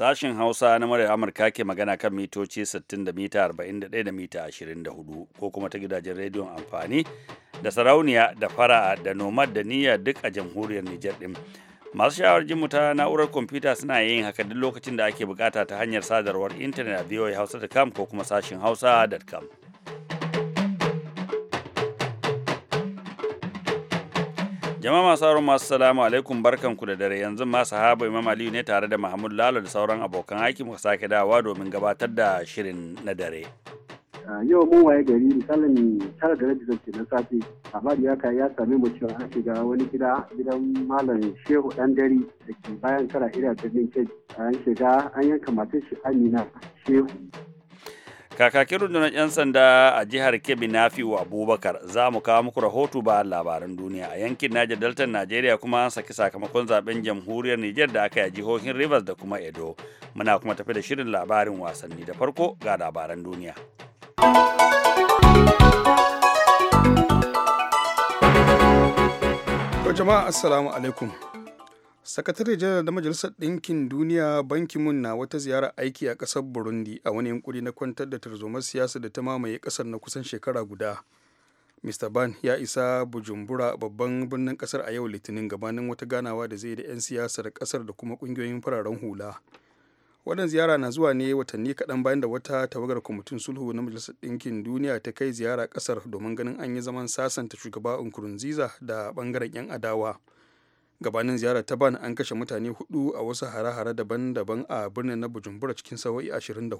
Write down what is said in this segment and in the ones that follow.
sashen Hausa na muryar Amurka ke magana kan mitoci 60 da mita 41 da mita 24 ko kuma ta gidajen rediyon amfani da sarauniya da fara'a da nomad da niyya duk a jamhuriyar Nijar din. Masu sha'awar jin ta na'urar kwamfuta suna yin haka duk lokacin da ake bukata ta hanyar sadarwar intanet a voahausa.com ko kuma sashin hausa.com. Jama'a masu sauran masu salamu alaikum barkanku da dare yanzu ma sahaba Imam Aliyu ne tare da Mahmud Lalo da sauran abokan aiki muka sake dawa domin gabatar da shirin na dare. Yau mun waye gari misalin tara da rabi zance na safe labari ya kai ya sami mu cewa an shiga wani gida gidan malam Shehu Dan dare da ke bayan kara ira birnin Kebbi an shiga an yanka matashi shi Amina Shehu kakakin rundunar 'yan sanda a jihar kebbi wa abubakar za mu kawo muku rahoto ba labaran duniya a yankin niger delta nigeria kuma an saki sakamakon zaben jamhuriyar niger da aka yi a jihohin rivers da kuma edo muna kuma tafi da shirin labarin wasanni da farko ga labaran duniya jama'a assalamu alaikum sakatare janar da majalisar ɗinkin duniya banki mun na wata ziyara aiki a ƙasar burundi a wani yankuri na kwantar da tarzomar siyasa da ta mamaye ƙasar na kusan shekara guda mr ban ya isa bujumbura babban birnin ƙasar a yau litinin gabanin wata ganawa da zai da 'yan siyasar ƙasar da kuma ƙungiyoyin fararen hula wannan ziyara na zuwa ne watanni kaɗan bayan da wata tawagar kwamitin sulhu na majalisar ɗinkin duniya ta kai ziyara ƙasar domin ganin an yi zaman sasanta shugaba nkurunziza da ɓangaren 'yan adawa gabanin ziyarar ta ban an kashe mutane hudu a wasu hare-hare daban-daban a birnin na bujumbura cikin sawa'i 24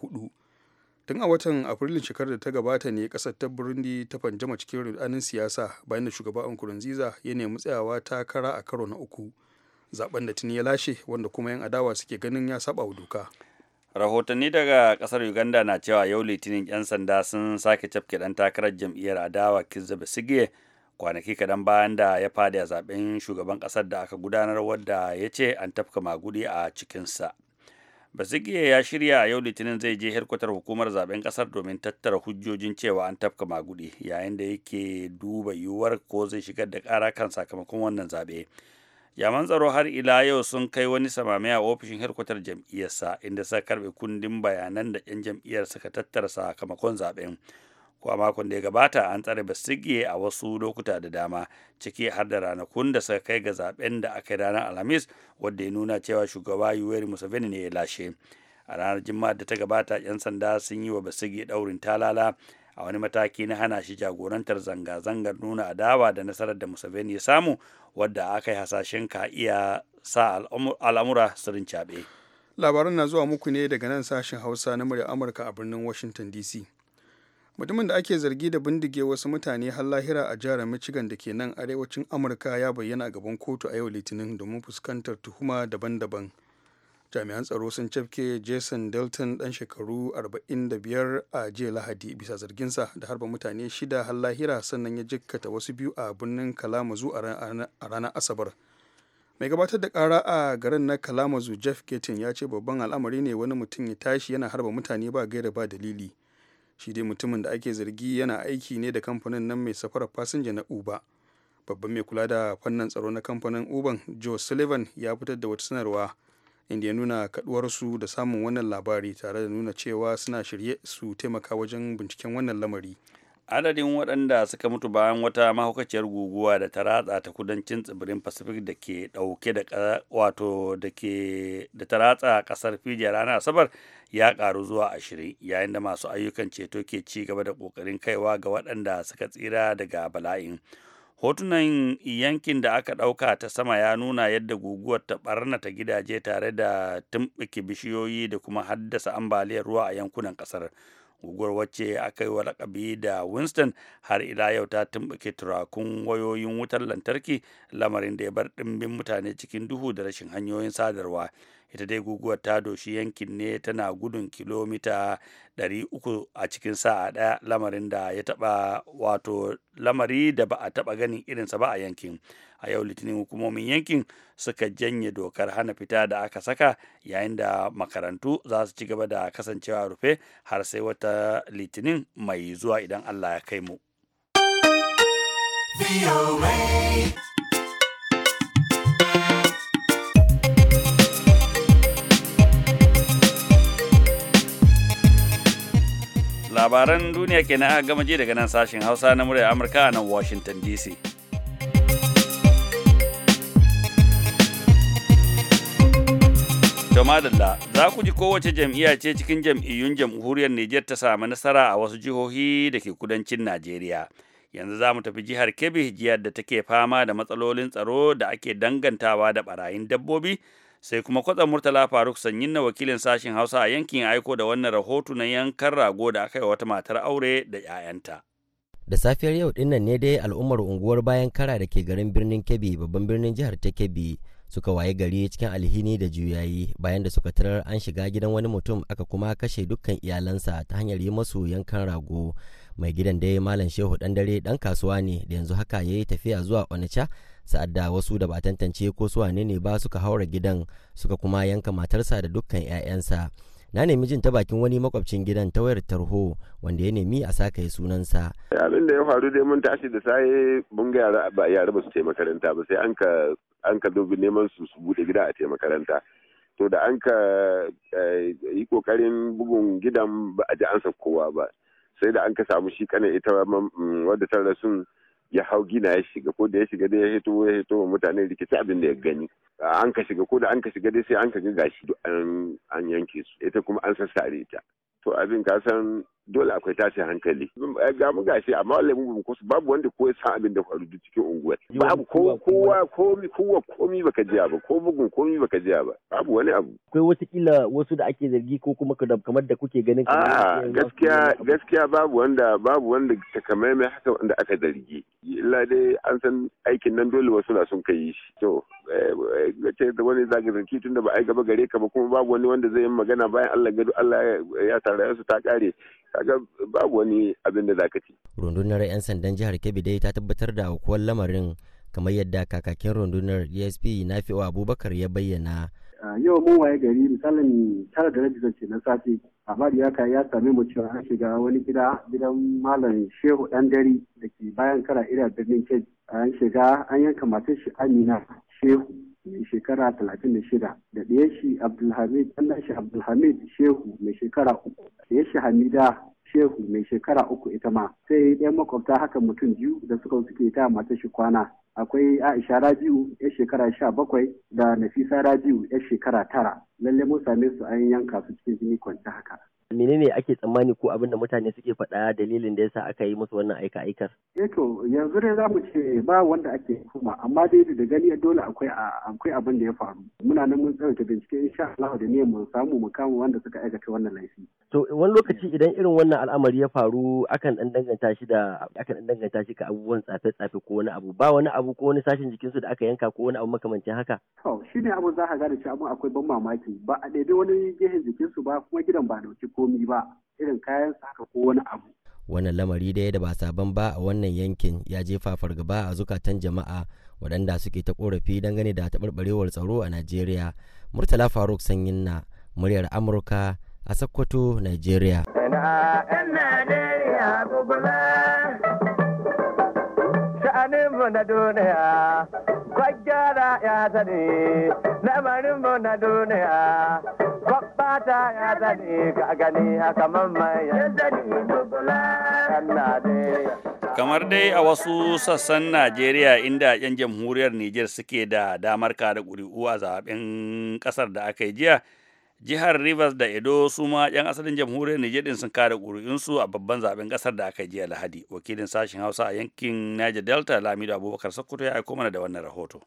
tun a watan afrilun shekarar da ta gabata ne kasar ta burundi ta fanjama cikin rudanin siyasa bayan da shugaban nkurunziza ya nemi tsayawa takara a karo na uku zaben da tuni ya lashe wanda kuma yan adawa suke ganin ya saba wa doka rahotanni daga kasar uganda na cewa yau litinin yan sanda sun sake cafke dan takarar jam'iyyar adawa kizza basige kwanaki kaɗan bayan da ya fadi a zaben shugaban ƙasar da aka gudanar wadda ya ce an tafka magudi a cikinsa basigiye ya shirya a yau litinin zai je herkwatar hukumar zaben ƙasar domin tattara hujjojin cewa an tafka magudi yayin da yake duba yiwuwar ko zai shigar da ƙara kan sakamakon wannan zaɓe jaman tsaro har ila yau sun kai wani samame a ofishin herkwatar jam'iyyarsa inda suka karɓe kundin bayanan da 'yan jam'iyyar suka tattara sakamakon zaɓen. ko a makon da ya gabata an tsare basige a wasu lokuta da dama ciki har da ranakun da suka kai ga zaben da aka yi ranar alhamis wadda ya nuna cewa shugaba yoweri museveni ne ya lashe a ranar juma'a da ta gabata 'yan sanda sun yi wa basige daurin talala a wani mataki na hana shi jagorantar zanga-zangar nuna adawa da nasarar da museveni ya samu wadda aka yi hasashen ka iya sa al'amura sirrin cabe labaran na zuwa muku ne daga nan sashen hausa na murya amurka a birnin washington dc mutumin da ake zargi da bindige wasu mutane har lahira a jihar michigan da ke nan arewacin amurka ya bayyana a gaban kotu a yau litinin domin fuskantar tuhuma daban-daban jami'an tsaro sun cafke jason dalton dan shekaru 45 a jiya lahadi bisa zarginsa da harba mutane shida har lahira sannan ya jikkata wasu biyu a birnin kalamazu a ranar asabar mai gabatar da kara a garin na kalamazu jeff gatin ya ce babban al'amari ne wani mutum ya tashi yana harba mutane ba gaira ba dalili shi dai mutumin da ake zargi yana aiki ne da kamfanin nan mai safarar fasinja na uber babban mai kula da fannin tsaro na kamfanin uber joe sullivan ya fitar da wata sanarwa inda ya nuna kaduwarsu da samun wannan labari tare da nuna cewa suna shirye su taimaka wajen binciken wannan lamari adadin waɗanda suka mutu bayan wata mahaukaciyar guguwa da ta ratsa ta kudancin tsibirin pacific da ke ɗauke da wato da ke da ta ratsa ƙasar fiji ranar asabar ya ƙaru zuwa ashirin yayin da masu ayyukan ceto ke ci gaba da ƙoƙarin kaiwa ga waɗanda suka tsira daga bala'in hotunan yankin da aka ɗauka ta sama ya nuna yadda guguwar ta ɓarnata gidaje tare da tumɓuke bishiyoyi da kuma haddasa ambaliyar ruwa a yankunan ƙasar guguwar wacce aka yi wa lakabi da winston har ila yau ta tumbuke turakun wayoyin wutar lantarki lamarin da ya bar dimbin mutane cikin duhu da rashin hanyoyin sadarwa ita dai guguwar ta doshi yankin ne tana gudun kilomita 300 a cikin sa'a ɗaya lamarin da ya taɓa wato lamari da ba a taɓa ganin irinsa ba a yankin a yau litinin hukumomin yankin suka janye dokar hana fita da aka saka yayin da makarantu za su ci gaba da kasancewa rufe har sai wata litinin mai zuwa idan allah ya kai mu. labaran duniya kenan aka gama je daga nan sashen hausa na muryar amurka a nan washington dc madalla za ku ji kowace jam'iyya ce cikin jam'iyyun jamhuriyar Nijar ta samu nasara a wasu jihohi da ke kudancin Najeriya. Yanzu za mu tafi jihar Kebbi jihar da take fama da matsalolin tsaro da ake dangantawa da barayin dabbobi sai kuma kwatsa murtala faruk sanyin na wakilin sashen hausa a yankin aiko da wannan rahoto na yankan rago da aka yi wata matar aure da 'ya'yanta da safiyar yau dinnan ne dai al'ummar unguwar bayan kara da ke garin birnin kebbi babban birnin jihar ta kebbi suka waye gari cikin alhini da juyayi bayan da suka tarar an shiga gidan wani mutum aka kuma kashe dukkan iyalansa ta hanyar yi masu yankan rago mai gidan dai malam shehu dan dare dan kasuwa ne da yanzu haka ya yi tafiya zuwa onitsha sa'ad da wasu da ba tantance ko su wane ne ba suka haura gidan suka kuma yanka matarsa da dukkan 'ya'yansa na nemi jin ta bakin wani makwabcin gidan ta wayar tarho wanda ya nemi a sakaye sunansa abin da ya faru dai mun tashi da saye mun ga yara ba su taimaka makaranta ba sai an ka an dubi neman su su bude gida a makaranta to da an ka eh, yi kokarin bugun gidan ba a ji ansa kowa ba sai da an ka samu shi kanan ita mm, wadda ta rasu. ya hau gina ya shiga ko da ya shiga dai ya hito ya hito wa mutane rikici abin da ya mm. gani an ka shiga ko da an ka shiga dai sai an ka ga gashi an yanke su ita kuma an sassare ta to abin ka san dole akwai tashin hankali ga mu gashi amma wallahi mu bamu kusa babu wanda ko ya san abin da faru cikin unguwar babu ko kowa komi kowa komi baka jiya ba ko bugun komi baka jiya ba babu wani abu akwai kila wasu da ake zargi ko kuma kamar da kuke ganin a gaskiya gaskiya babu wanda babu wanda takamaimai haka wanda aka zargi illa dai an san aikin nan dole wasu na sun kai shi to eh, eh, ce da wani zagazarki tun tunda ba ai gaba gare ka ba kuma babu wani wanda zai yi magana bayan Allah gado Allah ya tare su ta kare kaga babu wani abin da zaka ci rundunar yan sandan jihar Kebbi dai ta tabbatar da aukuwar lamarin kamar yadda kakakin rundunar DSP fiwa Abubakar ya bayyana yau mun waye gari misalin tara da rabi zance na safe labari ya kai ya sami mu cewa an shiga wani gida gidan malam shehu ɗan dare da ke bayan kara irin birnin kebbi an shiga an yanka matar shi amina shehu shekara talatin da shida da ɗaya shi abdulhamid ɗan shi abdulhamid shehu mai shekara uku ɗaya shi hamida shehu mai shekara uku ita ma sai ɗayan makwabta haka mutum biyu da suka suke ta mata shi kwana akwai aisha rabiu ya shekara sha bakwai da nafisa rabiu ya shekara tara lallai mun same su an yanka su cikin jini kwanci haka menene ake tsammani ko abin da mutane suke faɗa dalilin da yasa aka yi musu wannan aika aikar eh to yanzu dai za mu ce eh, ba wanda ake kuma amma dai da gani dole akwai akwai abin da ya faru muna nan mun tsaya bincike insha Allah da ne mu samu mu kama wanda suka aikata wannan laifi to wani lokaci idan irin wannan al'amari ya faru akan dan danganta shi da akan dan danganta shi ka abubuwan tsafe tsafe ko wani abu ba wani abu ko wani sashin jikinsu da aka yanka ko wani abu makamancin haka to shine abu za ka gane cewa akwai ban mamaki ba a ɗebi wani gehen jikinsu ba kuma gidan ba dauki komi ba irin kayan saka haka ko wani abu wannan lamari dai da ba sabon ba a wannan yankin ya jefa fargaba a zukatan jama'a waɗanda suke ta korafi dangane da taɓarɓarewar tsaro a najeriya murtala faruk sanyin na muryar amurka a sokoto najeriya na duniya kwaggara ya sani lamarin mu na duniya babbata ya sani ga gani haka mamma ya sani dubula kamar dai a wasu sassan najeriya inda 'yan jamhuriyar niger suke da damar kada ƙuri'u a zaben ƙasar da aka yi jiya jihar rivers da edo su ma 'yan asalin jamhuriyar niger din sun kare ƙuri'unsu a babban zaben ƙasar da aka jiya lahadi wakilin sashen hausa a yankin niger delta lamido abubakar sokoto ya aiko mana da wannan rahoto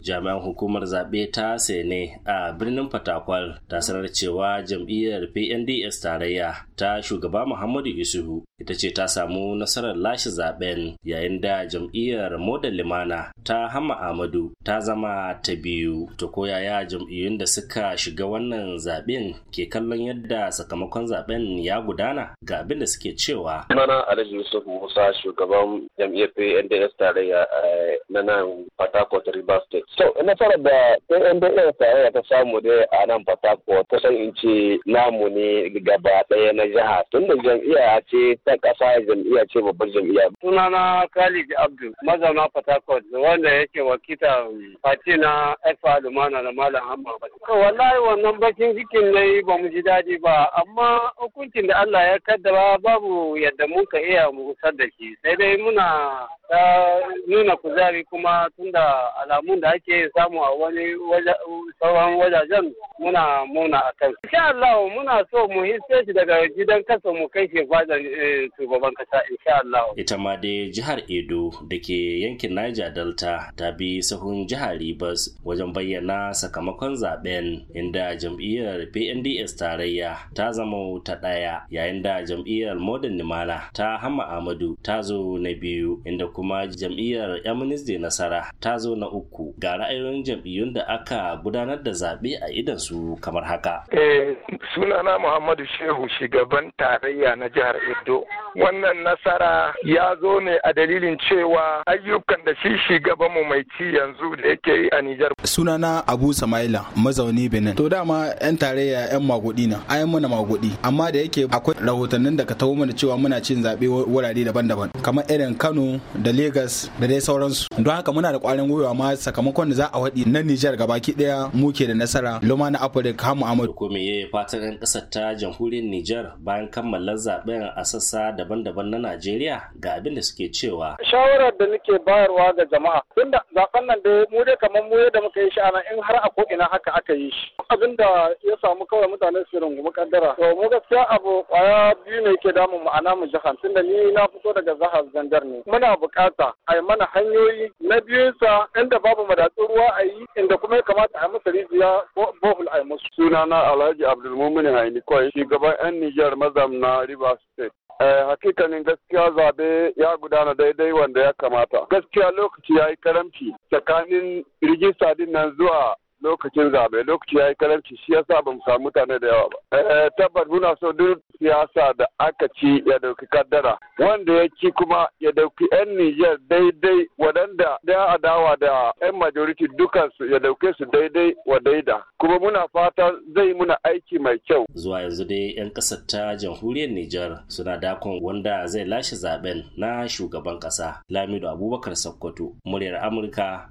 jami'an hukumar zaɓe ta sene a birnin fatakwal ta sanar cewa jam'iyyar pnds tarayya ta shugaba muhammadu isuhu ita ce ta samu nasarar lashe zaben yayin da jam'iyyar moda limana ta hama amadu ta zama ta biyu ta koyaya jam'iyyun da suka shiga wannan zaben ke kallon yadda sakamakon zaben ya gudana ga abin da suke cewa sunana alhaji yusuf musa shugaban jam'iyyar pnds tarayya eh, na nan fatakwal rivers state So, nasarar da NBL tarayya ta samu dai a nan Fatako san in ce namu ne gaba ɗaya na jiha tunda jam'iyya ce ta ƙasa jam'iyya ce babbar jam'iyya. Sunana Khalid Abdu mazauna Fatako wanda yake wakita fati na Efa Lumana na Malam Hamma. Wallahi wannan bakin cikin ne ba mu ji daɗi ba amma hukuncin da Allah ya kaddara babu yadda ka iya mu da shi sai dai muna nuna kuzari kuma tunda alamun da ake samu a wani sauran wajajen muna muna a kan. Insha Allah muna so mu hisse shi daga gidan kasa mu kai shi fadan eh, shugaban kasa insha Allah. Ita ma dai jihar Edo da ke yankin Niger Delta ta bi sahun jihar Ribas wajen bayyana sakamakon zaben inda jam'iyyar PNDS tarayya ta zama ta ɗaya yayin da jam'iyyar Modern Nimala ta Hama ahmadu ta zo na biyu inda kuma jam'iyyar Yamunis Nasara ta zo na uku. ga ra'ayoyin jam'iyyun da aka gudanar da zaɓe a idan su kamar haka. Eh, sunana Muhammadu Shehu shugaban tarayya na jihar Edo. Wannan nasara ya zo ne a dalilin cewa ayyukan da shi shugaban mu mai ci yanzu da yake yi a Nijar. Sunana Abu Samaila mazauni Benin. To dama 'yan tarayya 'yan magudi na, ai mana magudi. Amma da yake akwai rahotannin da ka tawo mana cewa muna cin zaɓe wurare daban-daban kamar irin Kano da Legas da dai sauransu. Don haka muna da ƙwarin gwiwa ma sakamakon farkon da za a waɗi na Nijar gabaki ɗaya muke da nasara na Afirka Hamu Ahmad. Ko me yayi fatan 'yan ƙasar ta jamhuriyar Nijar bayan kammala zaɓen a sassa daban-daban na Najeriya ga abin da suke cewa. Shawarar da nake bayarwa ga jama'a tunda zaɓen nan da mu dai kamar mu yadda muka yi shi in har a koina haka aka yi shi. Abin da ya samu kawai mutane su rungumi kaddara. To mu gaskiya abu kwaya biyu ne ke damun ma'ana mu jihar tunda ni na fito daga zahar zandar ne. Muna bukata a mana hanyoyi na biyunsa inda babu mada tatsi ruwa a yi inda kuma ya kamata a masa rijiya bohol a musu. musu. Sunana Alhaji Abdulmumin Haini Kwai, shugaban 'yan Nijar mazam na River State. Eh, hakikanin gaskiya zabe ya gudana daidai wanda ya kamata. Gaskiya lokaci ya yi karamci tsakanin rijista din nan zuwa lokacin zaɓe lokaci ya yi karanci shi yasa ba mu samu mutane da yawa ba. Eh, tabbat muna so duk siyasa da aka ci ya dauki kaddara wanda ya ci kuma ya dauki 'yan Nijar daidai waɗanda da adawa da 'yan majority dukansu ya dauke su daidai wa daida kuma muna fata zai muna aiki mai kyau. Zuwa yanzu dai 'yan ƙasar ta jamhuriyar Nijar suna dakon wanda zai lashe zaben na shugaban ƙasa Lamido Abubakar Sokoto muryar Amurka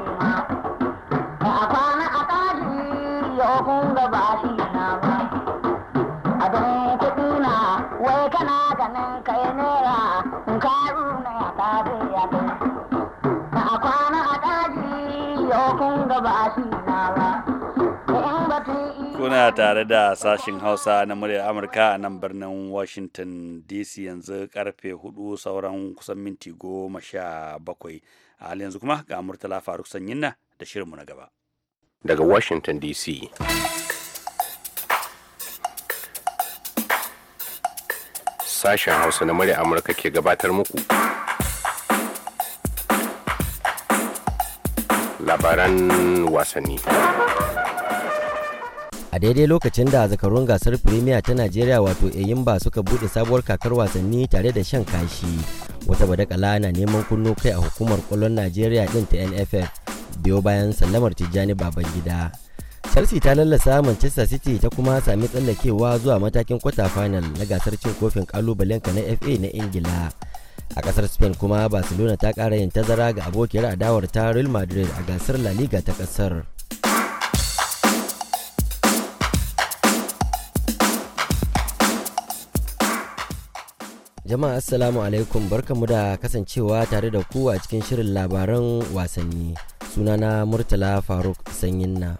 Kuna tare da sashin Hausa na muryar Amurka a nan birnin Washington DC yanzu karfe hudu sauran kusan minti goma sha bakwai. A halin yanzu kuma ga Murtala Faruk Sanyinna da shirinmu na gaba. Daga Washington DC. Sashen Hausa na muryar Amurka ke gabatar muku. Labaran wasanni. a daidai lokacin da zakarun gasar premier ta najeriya wato eyimba suka bude sabuwar kakar wasanni tare da shan kashi wata badakala na neman kunno kai a hukumar kwallon najeriya din ta nff biyo bayan sallamar tijjani babangida chelsea ta lallasa manchester city ta kuma sami tsallakewa zuwa matakin kwata final na gasar cin kofin kalubalenka na fa na ingila a kasar spain kuma barcelona ta kara yin tazara ga abokiyar adawar ta real madrid a gasar la liga ta kasar Jama'a Assalamu alaikum barkanmu da kasancewa tare da ku a cikin shirin labaran wasanni sunana Murtala Faruk na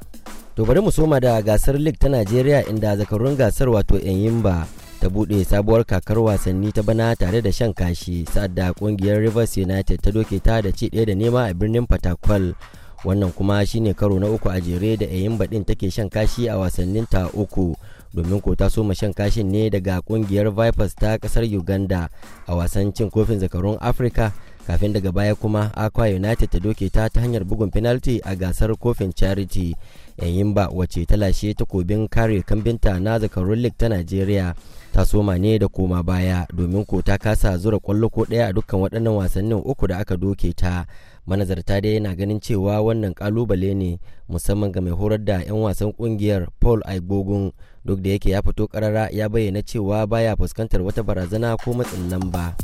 To bari mu soma da gasar League ta Najeriya inda zakarun gasar wato Enyimba ta buɗe sabuwar kakar wasanni ta bana tare da shan kashi sa'ad da kungiyar Rivers United ta doke ta da ci ɗaya da nema a birnin patakwal Wannan kuma shine karo na uku a jere da Enyimba ɗin take shan kashi a wasannin ta uku. domin ko ta soma shan kashin ne daga kungiyar vipers ta kasar uganda a wasan cin kofin zakarun afirka kafin daga baya kuma aqua united ta doke ta ta hanyar bugun penalty a gasar kofin charity yayin ba wace ta lashe takobin kare kambinta na zakarun league ta nigeria ta soma ne da koma baya domin ko ta kasa zura kwallo ko daya a dukkan waɗannan wasannin uku da aka doke ta manazarta dai yana ganin cewa wannan kalubale ne musamman ga mai horar da 'yan wasan kungiyar paul aibogun duk da yake ya fito karara ya bayyana cewa baya fuskantar wata barazana ko matsin lamba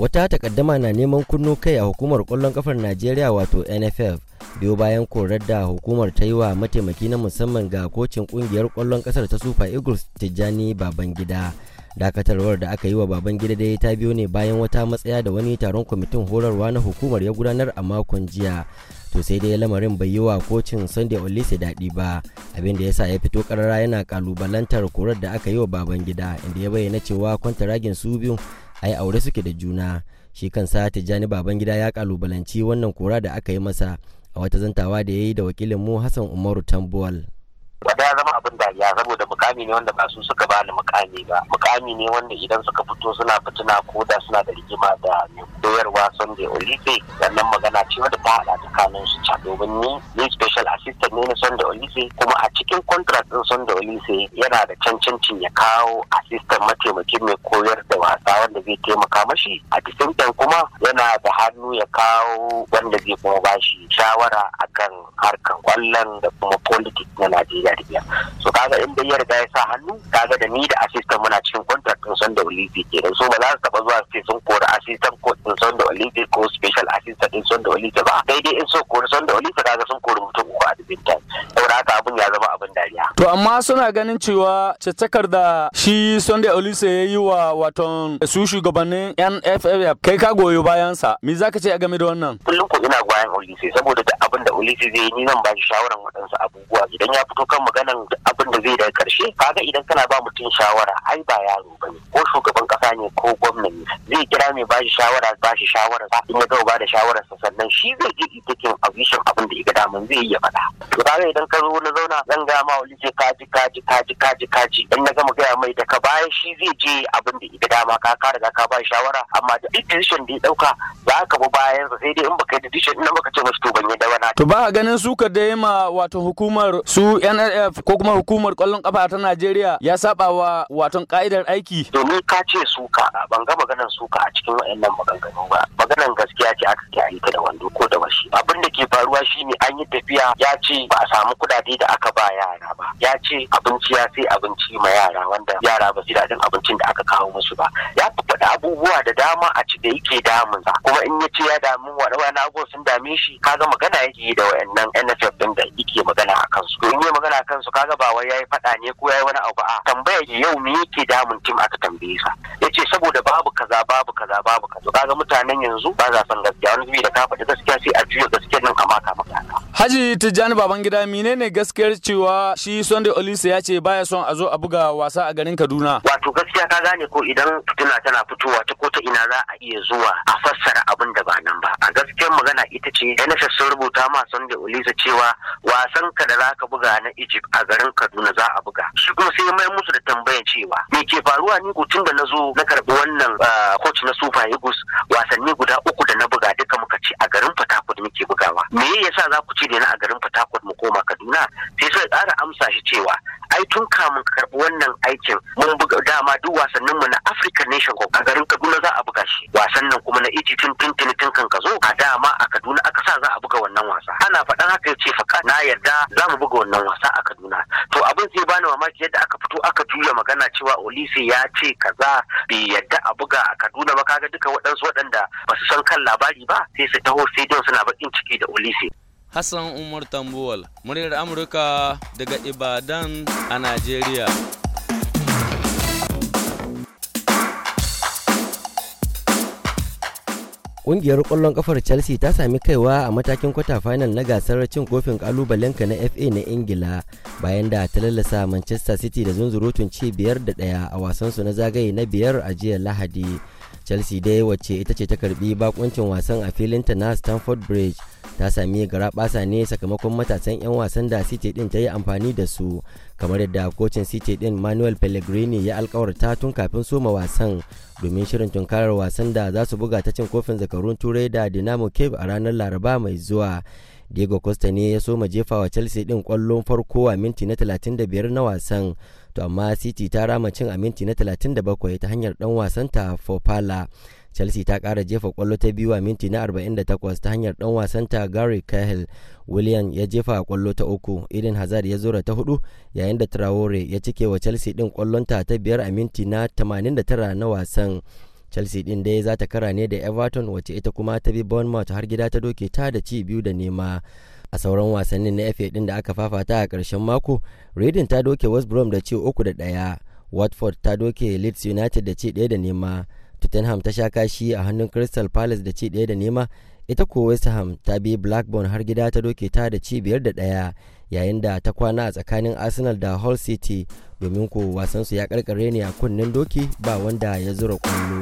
wata takaddama na neman kunno kai a hukumar kwallon kafar najeriya wato nff biyo bayan korar da hukumar ta yi wa mataimaki na musamman ga kocin kungiyar kwallon kasar ta super eagles tijjani babangida dakatarwar da aka yi wa babangida dai ta biyo ne bayan wata matsaya da wani taron kwamitin horarwa na hukumar ya gudanar a makon jiya to sai dai lamarin bai yi wa kocin sunday olise daɗi ba abin da sa ya fito karara yana kalubalantar korar da aka yi wa babangida inda ya bayyana cewa kwantaragin su biyu ai aure suke da juna shi kan sa tijjani babangida ya kalubalanci wannan kora da aka yi masa a wata zantawa da ya yi da wakilin mu hassan umaru tambuwal. Wata ya abin dariya saboda mukami ne wanda ba su suka ba ni mukami ba mukami ne wanda idan suka fito suna fituna ko da suna da rigima da mai koyarwa da olise wannan magana ce wadda ta haɗa tsakanin su ca domin ni ni special assistant ne na da olise kuma a cikin contract din da olise yana da cancancin ya kawo assistant mataimakin mai koyar da wasa wanda zai taimaka mashi a cikin kuma yana da hannu ya kawo wanda zai kuma bashi shawara akan harkan kwallon da kuma politics na najeriya da so kaga in da ya ya sa hannu kaga da ni da assistant muna cikin contract din son da ke da so ba za su taba zuwa su sun kori assistant ko din son da olivi ko special assistant din son da olivi ba daidai in so kori son da olivi kaga sun kori mutum uku a dubin time saboda haka abun ya zama abin dariya to amma suna ganin cewa caccakar da shi son da olise ya yi wa waton su shugabannin nff kai ka goyo bayansa me zaka ce a game da wannan kullum ko ina goyon olise saboda da abin da Ulisi zai yi ni zan ba shi shawaran waɗansu abubuwa idan ya fito kan maganan abin da zai daga karshe, kaga idan kana ba mutum shawara ai ba yaro bane ko shugaban kasa ne ko gwamnati zai kira mai ba shi shawara ba shi shawara in ya gaba da shawarar sa sannan shi zai je cikin abishin abin da ya daman zai iya faɗa to kaga idan ka zo na zauna zan ga ma Ulisi ji ka ji ka ji in na gama gaya mai ka baya shi zai je abin da ya dama ka ka riga ka ba shawara amma duk decision da ya ɗauka za ka bi bayan sai dai in baka yi decision ina baka ce mashi to ban yi magana. To ba ganin suka da yi ma wato hukumar su NLF ko kuma hukumar kwallon kafa ta Najeriya ya saba wa wato ka'idar aiki. Domin ka ce suka ban ga maganar suka a cikin wayannan maganganu ba. Maganar gaskiya ce aka ke ta da wando ko da washi. Abin da ke faruwa shi ne an yi tafiya ya ce ba a samu kudade da aka ba yara ba. Ya ce abinci ya sai abinci ma yara wanda yara ba su daɗin abincin da aka kawo musu ba. Ya faɗi abubuwa da dama a ci da yake damunsa kuma in ya ce ya damu wani wani sun dame shi ka ga magana yaƙi da wayannan NSF din da yake magana a kansu to in magana a kansu kaga ba wai yayi faɗa ne ko yayi wani abu a tambaya yau me yake damun tim aka tambaye sa yace saboda babu kaza babu kaza babu kaza kaga mutanen yanzu ba za san gaskiya wani zubi da ka faɗi gaskiya sai a juya gaskiyar nan kama maka Haji Tijjani Babangida menene gaskiyar cewa shi Sunday Olise ya ce baya son a zo a buga wasa a garin Kaduna. Wato gaskiya ka gane ko idan fitina tana fitowa ta ko ta ina za a iya zuwa a fassara abin da ba nan ba. A gaskiyar magana ita ce NFF sun rubuta ma da Ulisa cewa wasan ka da zaka buga na Egypt a garin Kaduna za a buga shi kuma sai mai musu da tambayan cewa me ke faruwa ni ko tun da na zo na karbi wannan ah, coach na Super Eagles wasanni guda uku da na buga duka muka ci a garin Port Harcourt muke bugawa me yasa za ku ci da na a garin Port Harcourt mu koma Kaduna sai sai ƙara amsa shi cewa ai tun kamun ka karbi wannan aikin mun buga dama duk wasannin mu na African Nation Cup a garin Kaduna za a buga shi Wasannin kuma na Egypt tun tun tun kan ka zo a dama amma a Kaduna aka sa za a buga wannan wasa ana faɗan haka ya ce faka na yarda za mu buga wannan wasa a Kaduna to abin sai bani mamaki yadda aka fito aka juya magana cewa Olise ya ce kaza bai yarda a buga a Kaduna ba kaga duka waɗansu waɗanda ba su san kan labari ba sai su taho stadium suna bakin ciki da Olise Hassan Umar Tambuwal, muryar Amurka daga Ibadan a Najeriya. Ƙungiyar kwallon ƙafar Chelsea ta sami kaiwa a matakin kwata final na gasar cin kofin ƙalubalenka na FA na Ingila bayan da ta lallasa Manchester City da zunzurutun ci biyar da ɗaya a wasansu na zagaye na biyar a jiya Lahadi. chelsea dai wacce ita ce ta karbi bakuncin wasan a filinta na stamford bridge ta sami garaɓasa ne sakamakon matasan 'yan wasan da city din ta yi amfani da su kamar yadda kocin city din manuel pellegrini ya alkawarta tun kafin soma wasan domin shirin tunkarar wasan da za su buga ta cin kofin zakarun turai da dinamo cape a ranar laraba mai zuwa diego costa ne ya soma jefawa chelsea din kwallon farko a minti na 35 na wasan to amma city ta rama cin aminti na 37 ta hanyar dan wasanta fofala chelsea ta kara jefa kwallo ta biyu a minti na 48 ta hanyar dan wasanta gary cahill william ya jefa kwallo ta uku irin hazard ya zura ta hudu yayin da traore ya cike wa chelsea din kwallonta ta biyar a minti na 89 na wasan chelsea din dai za ta kara ne da everton wacce ita kuma ta bi bournemouth har gida ta doke ta da ci biyu da nema a sauran wasannin na fa ɗin da aka fafata a ƙarshen mako reading ta doke west brom da ci uku da ɗaya watford ta doke leeds united da ci ɗaya da nema tottenham ta sha kashi a hannun crystal palace da ci ɗaya da nema ita ko west ham ta bi blackburn har gida ta doke ta da ci biyar da ɗaya yayin da ta kwana a tsakanin arsenal da hull city domin ko wasansu ya karkare ne a kunnen doki ba wanda ya zura kwallo.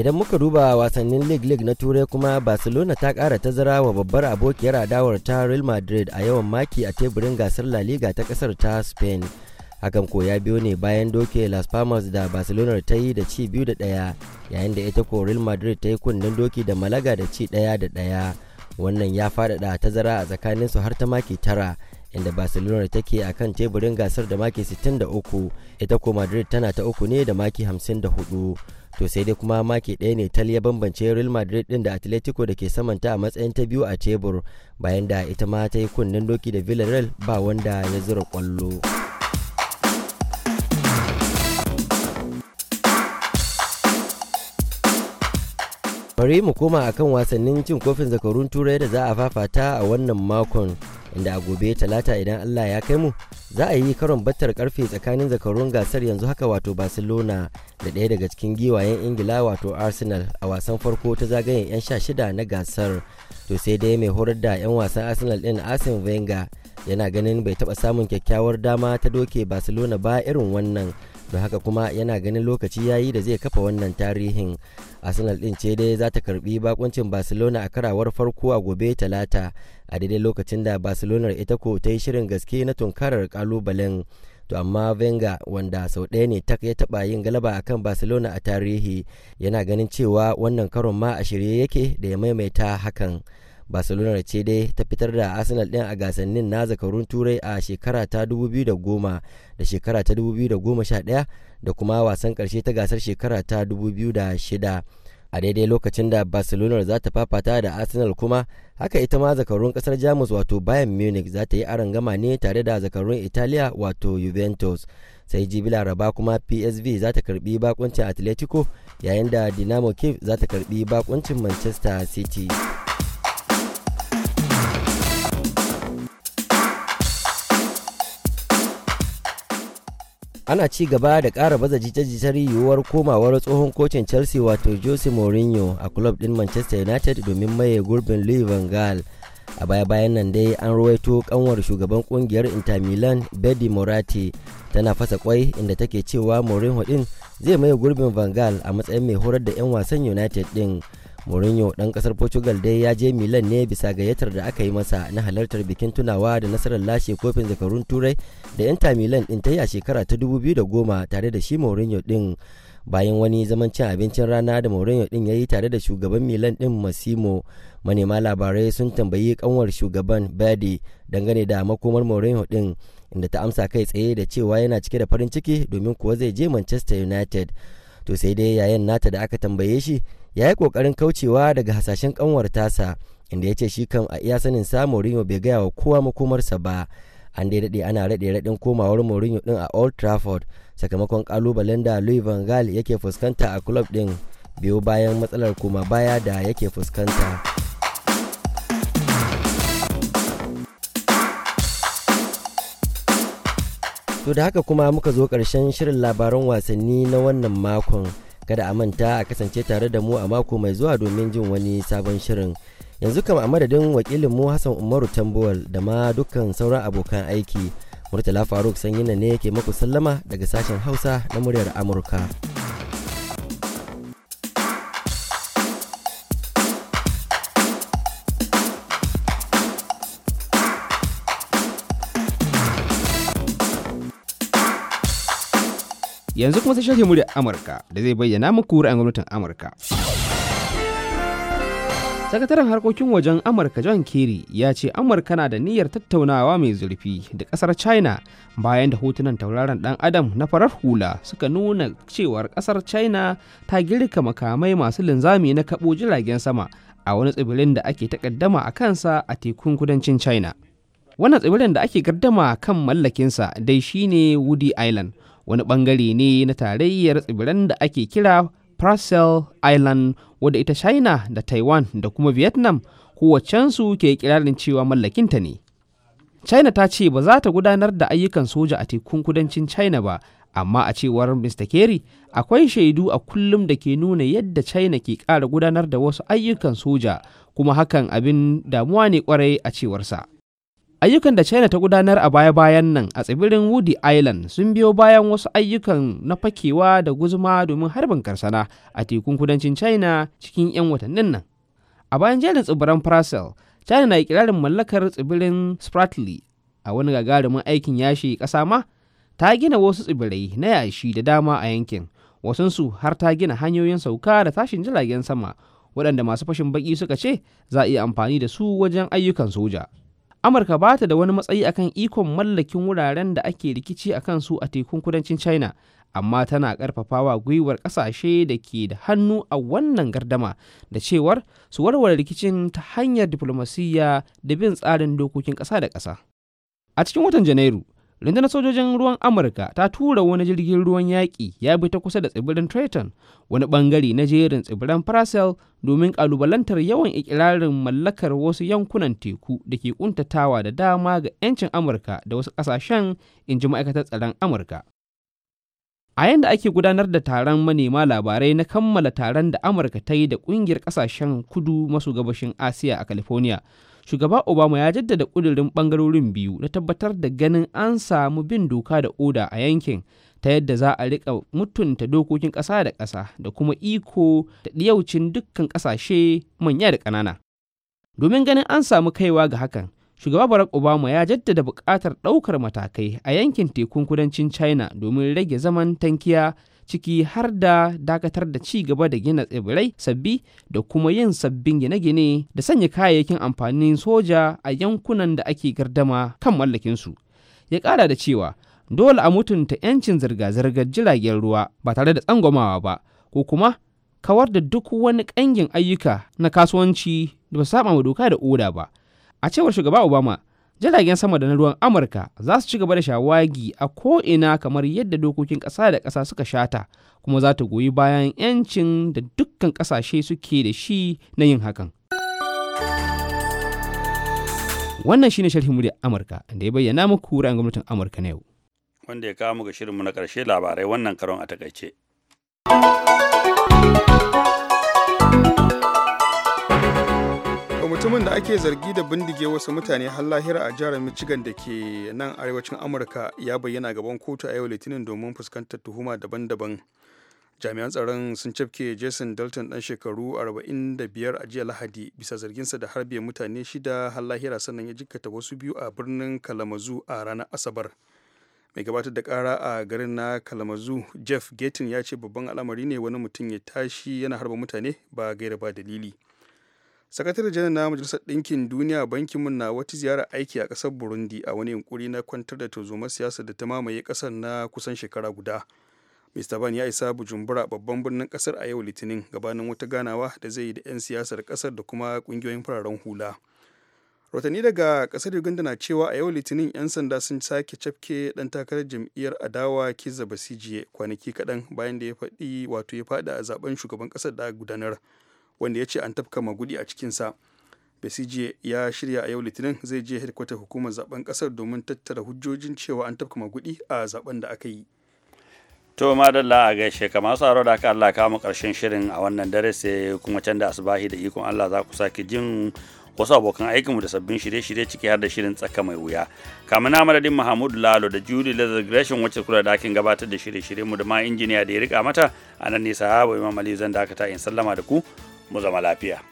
idan muka duba wasannin league league na turai kuma barcelona ta kara tazara wa babbar abokiyar adawar ta real madrid a yawan maki a teburin gasar la liga ta kasar ta spain hakan ko ya biyo ne bayan doke las palmas da barcelona ta yi da ci biyu da daya yayin da ita ko real madrid ta yi kunnen doki da malaga da ci daya da daya wannan ya faɗaɗa tazara a tsakanin su har ta maki tara inda barcelona take a kan teburin gasar da maki 63 ita ko madrid tana ta uku ne da maki 54 to sai dai kuma maki ɗaya ne tal ya bambance real madrid din da atletico da ke samanta a matsayin ta biyu a tebur bayan da ita ma ta yi kunnen doki da villarreal ba wanda ya zura kwallo bari mu koma akan wasannin cin kofin zakarun turai da za a fafata a wannan makon inda a gobe talata idan allah ya kai mu za a yi karon battar karfe tsakanin zakarun gasar yanzu haka wato barcelona da ɗaya daga cikin giwayen ingila wato arsenal a wasan farko ta zagayen 'yan sha shida na gasar to sai dai mai horar da 'yan wasan arsenal ɗin arsene wenger yana ganin bai taɓa samun kyakkyawar dama ta doke barcelona ba irin wannan don haka kuma yana ganin lokaci yayi da zai kafa wannan tarihin arsenal din ce dai za ta karbi bakuncin barcelona a karawar farko a gobe talata a daidai lokacin da barcelona ita ko ta yi shirin gaske na tunkarar kalubalen to amma venga wanda sau ɗaya ne ta ya taɓa yin galaba akan barcelona a tarihi yana ganin cewa wannan karon ma a shirye yake da ya maimaita hakan barcelona ce dai ta fitar da arsenal ɗin a gasannin na zakarun turai a shekara ta 2010 da shekara ta 2011 da kuma wasan ƙarshe ta gasar shekara ta 2006 a daidai lokacin da barcelona za ta fafata da arsenal kuma haka ita ma zakarun kasar jamus wato bayern munich za ta yi aron gama ne tare da zakarun italiya wato juventus sai jibi laraba kuma psv za ta karbi bakuncin atletico yayin da dinamo kiev za ta karbi bakuncin manchester city ana ci gaba da ƙara baza jita yiwuwar komawar tsohon kocin chelsea wato jose mourinho a club din manchester united domin maye gurbin louis van gaal a baya-bayan nan dai an rawaito kanwar shugaban kungiyar inter milan bedi morati tana fasa kwai inda take cewa mourinho din zai maye gurbin van gaal a matsayin mai horar da 'yan wasan united din Mourinho ɗan ƙasar Portugal dai ya je Milan ne bisa gayyatar da aka yi masa na halartar bikin tunawa da nasarar lashe kofin zakarun Turai da Inter Milan ɗin ta yi a shekara ta 2010 tare da shi Mourinho ɗin bayan wani zaman cin abincin rana da Mourinho ɗin ya yi tare da shugaban Milan ɗin Massimo manema labarai sun tambayi kanwar shugaban Badi dangane da makomar Mourinho ɗin inda ta amsa kai tsaye da cewa yana cike da farin ciki domin kuwa zai je Manchester United to sai dai yayin nata da aka tambaye shi ya yi ƙoƙarin kaucewa daga hasashen kanwar tasa inda ya ce shi kan a iya sanin sa Mourinho bai gaya wa kowa makomarsa ba an dai daɗe ana raɗe raɗin komawar Mourinho din a Old Trafford sakamakon kalubalen da Louis van Gaal yake fuskanta a club ɗin biyu bayan matsalar koma baya da yake fuskanta. To da haka kuma muka zo ƙarshen shirin labaran wasanni na wannan makon. kada a manta a kasance tare da mu a mako mai zuwa domin jin wani sabon shirin yanzu kama a madadin wakilin mu hassan umaru tambuwal da ma dukkan sauran abokan aiki murtala faruk sanyina ne ke maku sallama daga sashen hausa na muryar amurka Yanzu kuma sai shirin murya Amurka da zai bayyana muku ra'ayin gwamnatin Amurka. Sakataren harkokin wajen Amurka John Kerry ya ce Amurka na da niyyar tattaunawa mai zurfi da kasar China bayan da hotunan tauraron ɗan Adam na farar hula suka nuna cewar ƙasar China ta girka makamai masu linzami na kaɓo jiragen sama a wani tsibirin da ake takaddama a kansa a tekun kudancin china wannan tsibirin da ake gardama kan mallakinsa dai shine woody island wani bangare ne na tarayyar tsibiran da ake kira Paracel Island wadda ita China da Taiwan da kuma Vietnam kowacensu ke kirarin cewa mallakinta ne. China ta ce ba za ta gudanar da ayyukan soja a tekun kudancin China ba, amma a cewar Mr. Kerry akwai shaidu a kullum da ke nuna yadda China ke ƙara gudanar da wasu ayyukan soja kuma hakan abin damuwa ne kwarai a cewarsa. ayyukan da china ta gudanar a baya-bayan nan a tsibirin woody island sun biyo bayan wasu ayyukan na fakewa da guzuma domin harbin karsana a tekun kudancin china cikin 'yan watannin nan a bayan jerin tsibiran Paracel, china na ikirarin mallakar tsibirin spratly a wani gagarumin aikin yashi ƙasa ma ta gina wasu tsibirai na yashi da dama a yankin wasunsu har ta gina hanyoyin sauka da tashin jiragen sama waɗanda masu fashin baki suka ce za a iya amfani da su wajen ayyukan soja. amurka ba ta da wani matsayi akan ikon mallakin wuraren da ake rikici a kansu a tekun kudancin china amma tana ƙarfafawa gwiwar ƙasashe da ke da hannu a wannan gardama da cewar su warware rikicin ta hanyar diflomasiyya da bin tsarin dokokin ƙasa da ƙasa a cikin watan janairu rundunar sojojin ruwan amurka ta tura wani jirgin ruwan yaƙi ya bi ta kusa da tsibirin triton wani bangare na jerin tsibirin paracel domin kalubalantar yawan ikirarin mallakar wasu yankunan teku da ke kuntatawa da dama ga 'yancin amurka da wasu ƙasashen in ji ma'aikatar tsaron amurka a yadda ake gudanar da taron manema labarai na kammala taron da amurka ta yi da ƙungiyar ƙasashen kudu maso gabashin asiya a california shugaba obama ya jaddada ƙudurin ɓangarorin biyu na tabbatar da ganin an samu bin doka da oda a yankin ta yadda za a rika mutunta dokokin ƙasa da ƙasa da kuma iko da ɗiyaucin dukkan ƙasashe manya da ƙanana domin ganin an samu kaiwa ga hakan shugaba barack obama ya jaddada buƙatar ɗaukar matakai a yankin tekun kudancin china domin rage zaman tankiya ciki har da dakatar da ci gaba da gina tsibirai sabbi da kuma yin sabbin gine-gine da sanya kayayyakin amfanin soja a yankunan da ake gardama kan mallakinsu ya ƙara da cewa dole a mutunta 'yancin zirga-zirgar jiragen ruwa ba tare da tsangwamawa ba ko kuma kawar da duk wani ƙangin ayyuka na kasuwanci da ba saba ma doka da oda ba a cewar shugaba obama jiragen sama da na ruwan amurka za su ci gaba da shawagi a ko'ina kamar yadda dokokin ƙasa da ƙasa suka shata kuma za ta goyi bayan 'yancin da dukkan ƙasashe suke da shi na yin hakan wannan shine sharhin muryar amurka da ya bayyana muku ra'ayin gwamnatin amurka na yau wanda ya kawo muka shirinmu na ƙarshe labarai wannan karon a takaice. ake zargi da bindige wasu mutane har lahira a jihar michigan da ke nan arewacin amurka ya bayyana gaban kotu a yau litinin domin fuskantar tuhuma daban-daban jami'an tsaron sun cafke jason dalton dan shekaru 45 a jiya lahadi bisa zarginsa da harbe mutane shida har lahira sannan ya jikkata wasu biyu a birnin kalamazoo a ranar asabar mai gabatar da kara a garin na kalamazoo jeff gatin ya ce babban al'amari ne wani mutum ya tashi yana harba mutane ba gaira ba dalili sakataren janar na majalisar ɗinkin duniya bankin na wata ziyarar aiki a ƙasar burundi a wani yunkuri na kwantar da tarzoma siyasa da ta mamaye ƙasar na kusan shekara guda mr ban ya isa bujumbura babban birnin ƙasar a yau litinin gabanin wata ganawa da zai yi da 'yan siyasar ƙasar da kuma ƙungiyoyin fararen hula rahotanni daga ƙasar uganda na cewa a yau litinin 'yan sanda sun sake cafke ɗan takarar jam'iyyar adawa kiza basijiye kwanaki kaɗan bayan da ya faɗi wato ya faɗi a zaben shugaban ƙasar da gudanar wanda ya ce an tafka magudi a cikinsa besije ya shirya a yau litinin zai je hedkwatar hukumar zaben kasar domin tattara hujjojin cewa an tafka magudi a zaben da aka yi to madalla a gaishe kamar tsaro da aka Allah kawo karshen shirin a wannan dare sai kuma can da asibahi da ikon Allah za ku sake jin wasu abokan aikinmu da sabbin shirye-shirye ciki har da shirin tsaka mai wuya kama na madadin mahamudu lalo da julie leather gresham wacce kula da akin gabatar da shirye-shiryenmu da ma injiniya da ya rika mata a nan nisa habu imam zan dakata in sallama da ku mu zama lafiya